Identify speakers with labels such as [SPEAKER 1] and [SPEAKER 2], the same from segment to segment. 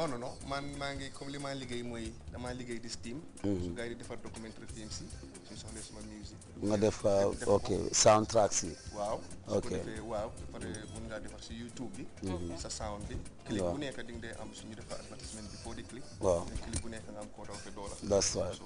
[SPEAKER 1] non non non man maa ngi comme li maa liggéey mooy damaa liggéey di Steam. Mhm. su gars si suñu soxlee suma musique. nga def ah, ok soundtracks yi. waaw ok waaw ba pare mun ngaa defar si YouTube bi. Mhm. sa sound bi. clip bu nekk di dee am suñu defar advertisement bi foo di clip. waaw bu nekk nga am koo daw te doo la. that's waaw.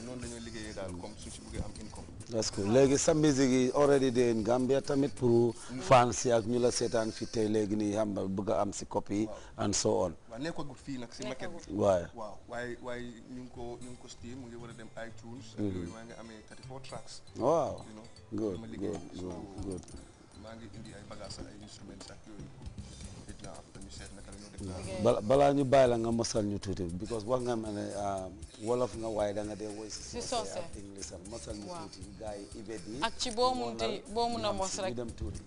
[SPEAKER 1] noonu la ñuy daal comme su ci bëggee am income.
[SPEAKER 2] parce que léegi sa musique yi already day in Gambia tamit pour fans yi ak ñu la seetaan fi tey léegi nii xam nga bëgg a am si copy and so on.
[SPEAKER 1] waaw fii nag si maquette bi. waaw waaye waaye ñu ngi ko ñu ngi ko steam mu ngi war a dem iTunes. ak mm-hmm. yooyu maa ngi amee 34 tracks. waaw good good
[SPEAKER 2] good
[SPEAKER 1] maa ngi indi ay bagages ay instruments ak yooyu. bala
[SPEAKER 2] balaa ñu bàyyi la nga masal ñu tuuti because wax nga ma ne ah, wolof nga waaye da nga dee woy si soose ak inglisal masal ñu ak ci boo mun di boo mun a mos rek dem tuuti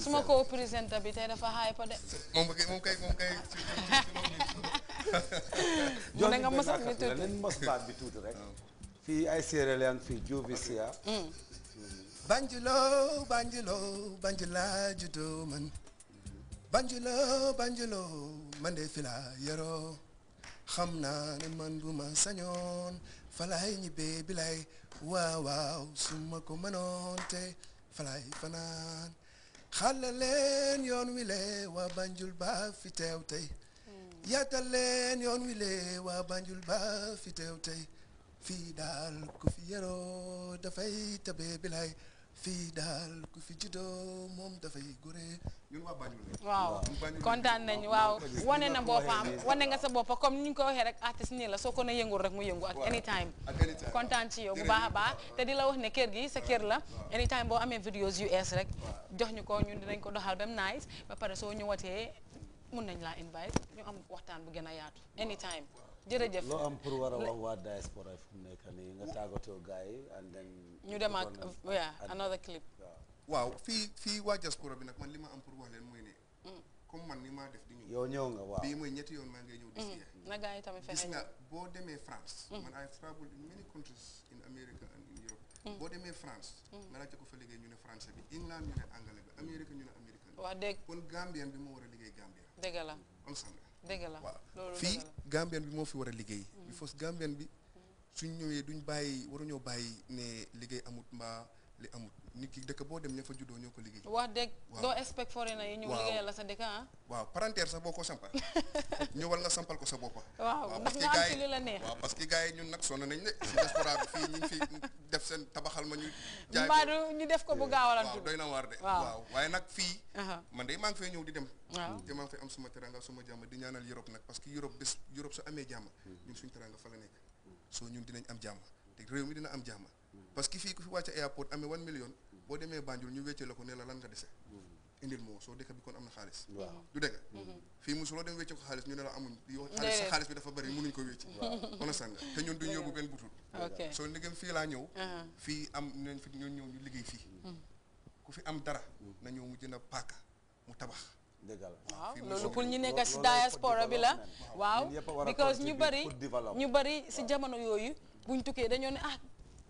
[SPEAKER 2] su ma
[SPEAKER 3] ko présenté bi tey dafa xaay de moom
[SPEAKER 1] kay moom kay tuuti leen
[SPEAKER 2] mos baat bi tuuti rek oh. fii ay séeréer leen fii
[SPEAKER 1] mm. banjuloo banjuloo banjulaa juddoo man banjuloo banjuloo man de fi laa yoroo xam naa ne man bu ma sañoon falaay ñibbee bi lay waaw waaw ma ko mënoon te falaay fanaan xàlla yoon wi waa banjul ba fi teew tey hmm. yaatal leen yoon wi waa banjul ba fi teew tey fii daal ku fi yoroo dafay tabee bi lay fii daal ku fi juddoo moom dafay gure ñun waa waaw kontaan nañu waaw wane na boppam wane
[SPEAKER 3] nga sa boppa comme ni ñu ko waxee rek artiste nii la soo ko na yëngul rek mu yëngu ak anytime kontaan ci yow bu baax a baax te di la wax ne kër gi sa kër la anytime boo amee videos US rek jox ñu ko ñun dinañ ko doxal bam nice ba pare soo ñëwatee mun nañ laa invite ñu am waxtaan bu gën a yaatu anytime jërëjëf loo am pour war
[SPEAKER 2] a wax waa diaspora fu mu nekk nii nga tàggatoo ñu dem ak
[SPEAKER 1] another clip waaw fii fii waa diaspora bi nag man li ma am pour wax leen mooy ne mm. comme man ni maa def di ñëw yow ñëw nga waaw bii mooy ñetti yoon maa ngay ñëw dis mm. na gaa yi tamit feneen nga boo demee France mm. man I travel in many countries in America and Europe boo demee France nga laajte ko fa liggéey ñu ne français bi England ñu ne anglais bi Amérique ñu ne américain bi waaw dégg kon Gambien bi moo war a liggéey Gambien dëgg la am sanga bi moo a liggéey because bi suñ ñëwee duñ bàyyi waruñoo bàyyi ne liggéey amut ma li amut nit ki dëkk boo dem ña fa juddoo ñoo liggéey. wax dëgg doo expect
[SPEAKER 3] foreigner yi ñu liggéeyal la sa dëkk ah.
[SPEAKER 1] waaw parentaire sax boo ko sampal ñëwal nga sampal ko sa boppa
[SPEAKER 3] waaw ndax nga am ci li la neex waaw
[SPEAKER 1] parce que gars ñun nag sonn nañ ne si diaspora bi fii ñu ngi fi def seen tabaxal ma ñu. jaay ko ñu def ko bu gaawalantu. waaw doy na waar de. waaw waaye nag fii. man de maa ngi fay ñëw di dem. waaw te maa am suma teranga suma jàmm di ñaanal Europe nag parce que Europe bis. Europe su amee jàmm. ñun suñu teranga fa la nekk soo ñun dinañ am jàmm te réew mi dina am jàmm parce que fii ku fi wàcce airport amee one million boo demee Banjul ñu wéccee la ko ne la lan nga dese indil moo soo dëkk bi kon am na xaalis du dëgg mhm. fii mosuloo dem wécce ko xaalis ñu ne la amuñ yow xaalis sa xaalis bi dafa bëri mënuñ ko wécce on a sànga te ñun duñ yóbbu benn butul soo ndegem fii laa ñëw uh-huh. fii am nañ fi ñun ñëw ñu liggéey fii mm. ku fi am dara mm. na ñëw mu jënd paaka mu tabax waaw loolu pour ñu nekk si diaspora bi la waaw because ñu bari ñu bari
[SPEAKER 3] si jamono yooyu buñ tukkee dañoo ne ah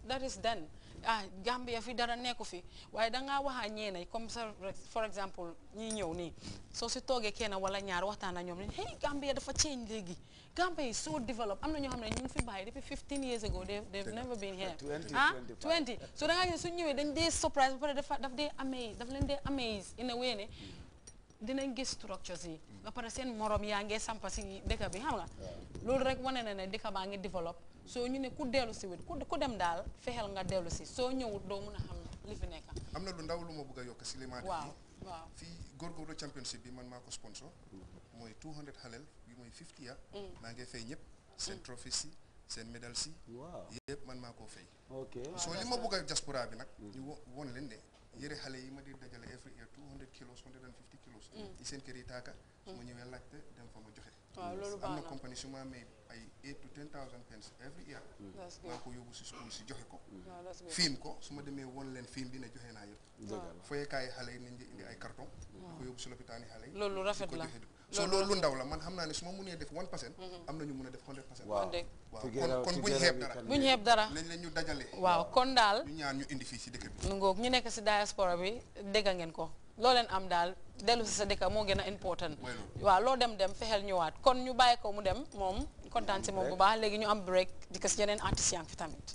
[SPEAKER 3] that is done ah fi dara nekku fi waaye dangaa waxaa ñeena comme ça for example ñi ñëw nii soo si toogee kenn wala ñaar waxtaan ak ñoom ne hey Gambia dafa change léegi Gambia is so developed am na ñoo xam ne ñu ngi fi bàyyi depuis 15 years ago they've never been here ah 20 so dangaa gis ne su ñëwee dañ dee surprise ba pare daf dee amaze daf leen dee amaze in a way ne dinañ gis structures yi ba pare seen moroom yaa ngee sampa si dëkk bi xam nga loolu rek wane na ne dëkk baa ngi développe soo ñu ne ku dellu si wit ku dem daal fexeel nga dellu si soo ñëwut doo mun a xam li fi nekk
[SPEAKER 1] am na lu ndaw lu ma bëgg yokk si limaat waaw waaw fii góorgóorlu championship bi man maa ko sponsor mooy 200 xaleel yu mooy 50 ya mm. maa ngi fay ñëpp seen mm. trophy si seen médaille si yëpp man maa koo fay soo ah, li ma bëgg a diaspora bi nag mm. ñu won leen de yëre xale yi ma di dajale every year two hundred kilos kilos yi mm. seen kër yi taaka su ma mm. ñëwee laajte dem fa ma joxe am na compagnie su ma may ay every year mm. maa ko yóbbu si school si joxe ko fiim ko su ma demee woon leen fiim bi ne joxe naa yëpp foyekaay xale yi nañ di indi ay carton ko yóbbu si lopitaani xale yi loolu rafet la so loolu lu ndaw la man xam naa ne su ma mënee def one percent mm-hmm. am na ñu mën a def hundred percent waaw kon kon buñ xeeb dara buñ xeeb dara lañ ñu dajale waaw kon daal ñu ñaan ñu si dëkk bi
[SPEAKER 3] ñu nekk si diaspora bi ngeen ko loo leen am daal dellu si sa dëkka moo gën a important waa loo dem dem fexeel waat kon ñu bàyyi ko mu dem moom kontaan si moom bu baax léegi ñu am break di ko si yeneen artistes yi fi tamit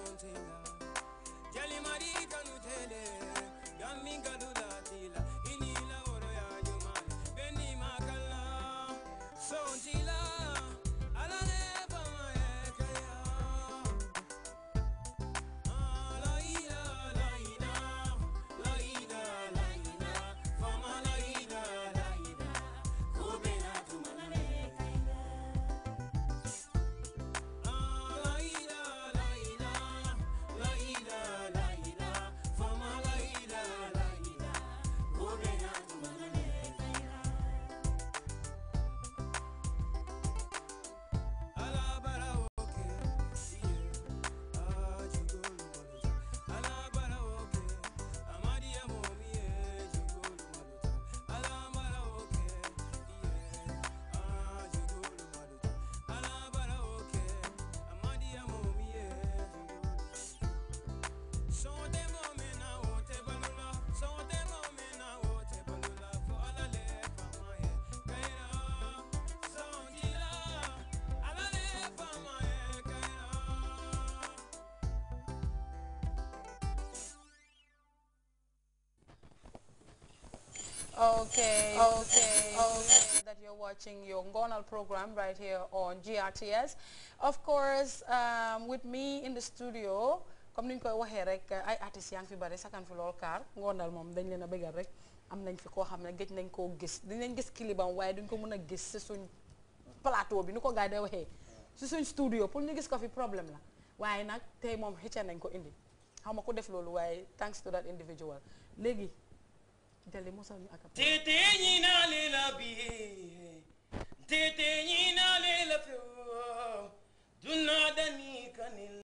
[SPEAKER 4] tontenga jali marita nutele gaminga dudatila ini
[SPEAKER 3] Okay, okay, okay. That you're watching your Ngonal program right here on GRTS. Of course, um, with me in the studio, comme niñ koy waxee rek ay artistes yaa ngi fi bari sakan fi lool kaar Ngonal moom dañ leen bëggal rek am nañ fi ko xam ne gëj nañ koo gis dinañ gis kilibam waaye duñ ko mën a gis si suñ plateau bi ni ko gars yi waxee si suñ studio pour ñu gis ko fi problème la waaye nag tey mom xëcca nañ ko indi xaw ma ko def loolu waaye thanks to that individual léegi. tete ñina lela biye
[SPEAKER 4] tete ñina lela fewo
[SPEAKER 3] duna dani
[SPEAKER 4] kanil